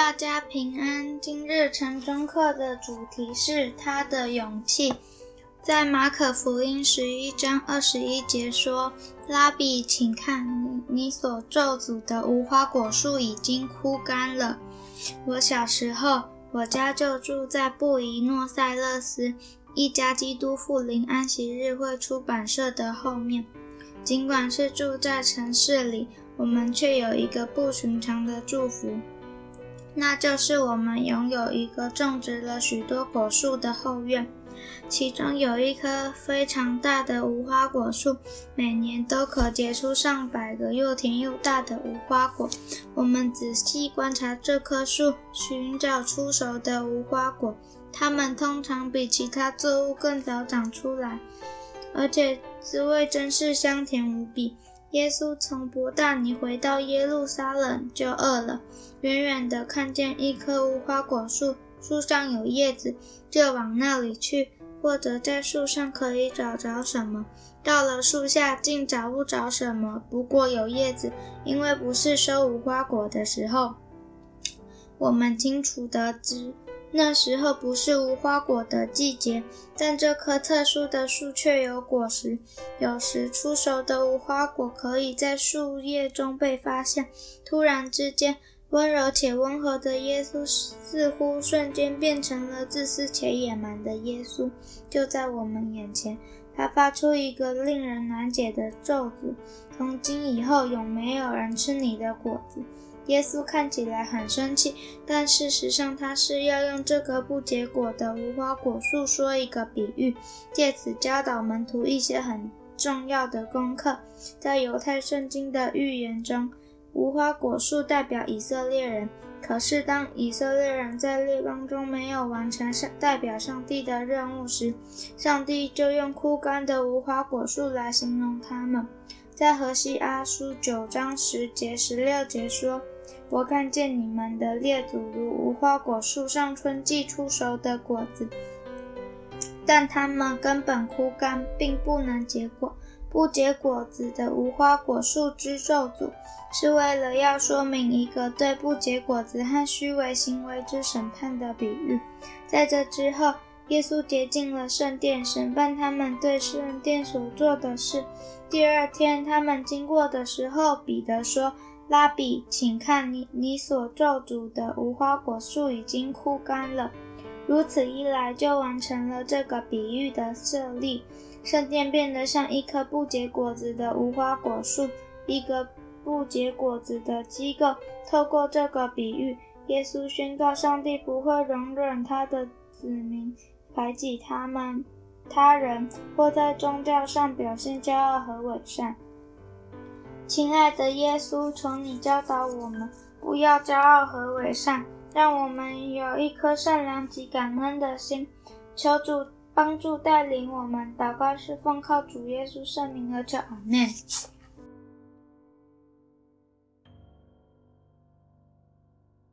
大家平安。今日晨鐘課的主題是祂的勇氣。在馬可福音十一章二十一節說：“拉比，請看，你你所咒詛的無花果樹已經枯乾了。”我小時候，我家就住在布宜諾塞勒斯一家基督復臨安息日會出版社的後面。儘管是住在城市裡，我們卻有一個不尋常的祝福。那就是我們擁有一個種植了許多果樹的後院，其中有一棵非常大的無花果樹，每年都可結出上百個又甜又大的無花果。我們仔細觀察這棵樹，尋找初熟的無花果，它們通常比其他作物更早長出來，而且滋味真是香甜無比。耶穌從伯大尼回到耶路撒冷就餓了，遠遠地看見一棵無花果樹，樹上有葉子，就往那裡去，或者在樹上可以找着什麼。到了樹下，竟找不着什麼，不過有葉子，因為不是收無花果的時候。我們清楚得知。那時候不是無花果的季節，但這棵特殊的樹卻有果實。有時，成熟的無花果可以在樹葉中被發現。突然之間，溫柔且溫和的耶穌似乎瞬間變成了自私且野蠻的耶穌。就在我們眼前，祂發出一個令人難解的咒詛：“從今以後，永沒有人吃你的果子。”耶穌看起來很生氣，但事實上他是要用這個不結果的無花果樹說一個比喻，借此教導門徒一些很重要的功課。在猶太聖經的預言中，無花果樹代表以色列人。可是當以色列人在列邦中沒有完成上代表上帝的任務時，上帝就用枯乾的無花果樹來形容他們。在《何西阿書》九章十節十六節說。我看見你們的列祖如無花果樹上春季初熟的果子，但他們根本枯乾，並不能結果。不結果子的無花果樹之咒詛，是為了要說明一個對不結果子和虛偽行為之審判的比喻。在這之後，耶穌潔淨了聖殿，審判他們對聖殿所做的事。第二天，他們經過的時候，彼得說。拉比，請看你你所咒詛的無花果樹已經枯乾了，如此一來就完成了這個比喻的設立。聖殿變得像一棵不結果子的無花果樹，一個不結果子的機構。透過這個比喻，耶穌宣告上帝不會容忍他的子民排擠他們、他人，或在宗教上表現驕傲和偽善。親愛的耶穌，從你教導我們不要驕傲和偽善，讓我們有一顆善良及感恩的心。求主幫助帶領我們。禱告是奉靠主耶穌聖名而求。阿門。